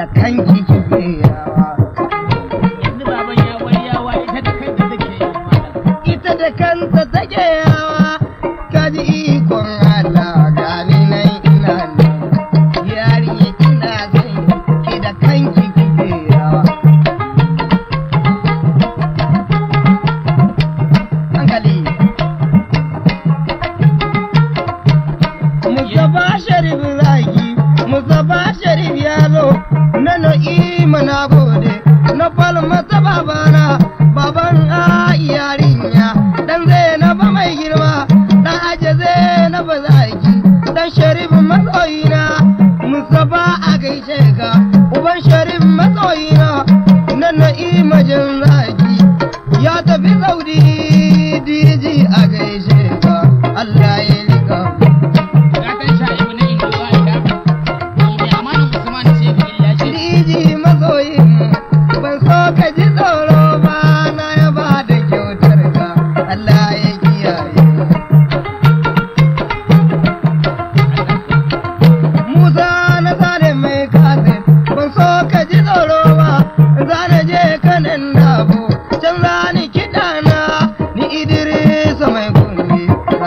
da kanki kike yawa baban ya wani yawa ita da kanta take yawa ita da kanta take yawa ikon Allah वाला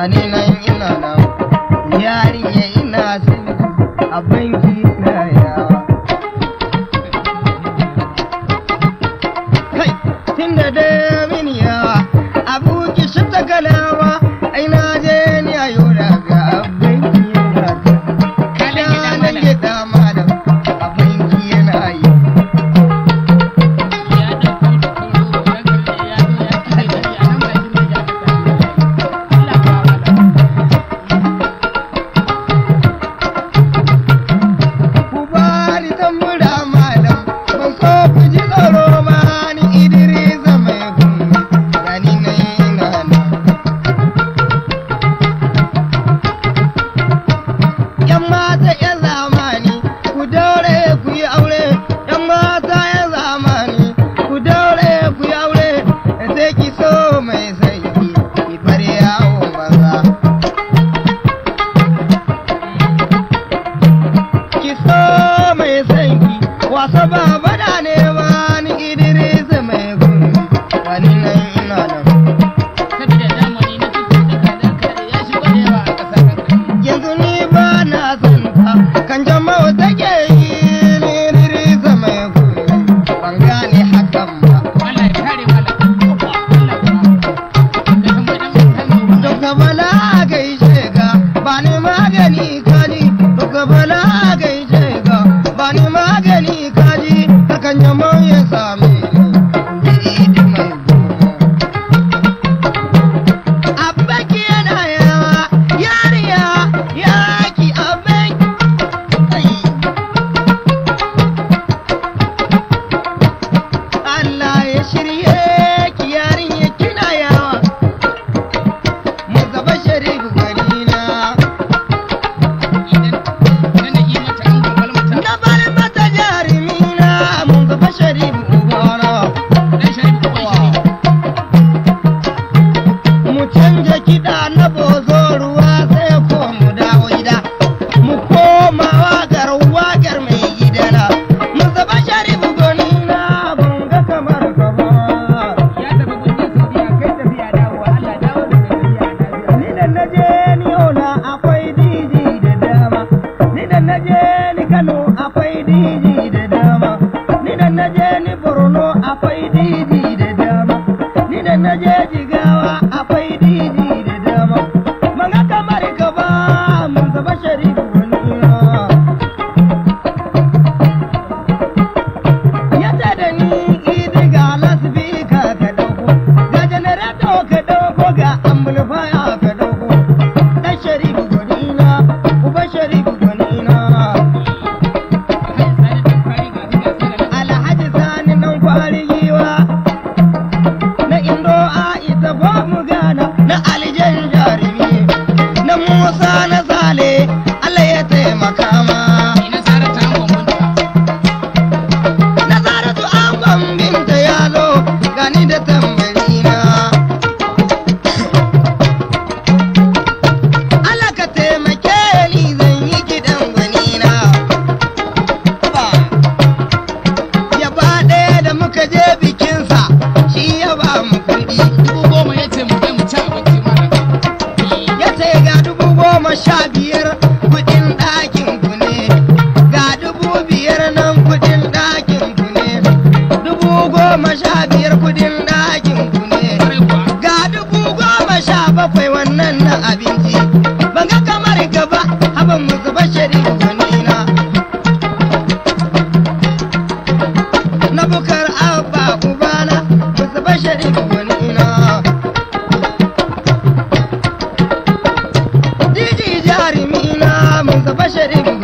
gani nan ina nan ya ina zugu a banki na yawa kai tunda dai fa ba faɗa ne ba ni Idris mai kun wani Abba ke na yawa, yariya ni Kano akwai didi da dama, ni da na je ni Borno akwai didi da dama, ni da na je Jigawa akwai didi da dama, manga kamar ka ba mun biyar kuɗin ɗakin ku ne ga dubu biyar nan kuɗin ɗakin ku ne dubu goma sha biyar kuɗin ɗakin ku ne ga dubu goma sha bakwai wannan na abinci ban ga kamar gaba haban mu zuba shari'a ganina na bukar abba ubana mu zuba shari'a ಶರಣಿ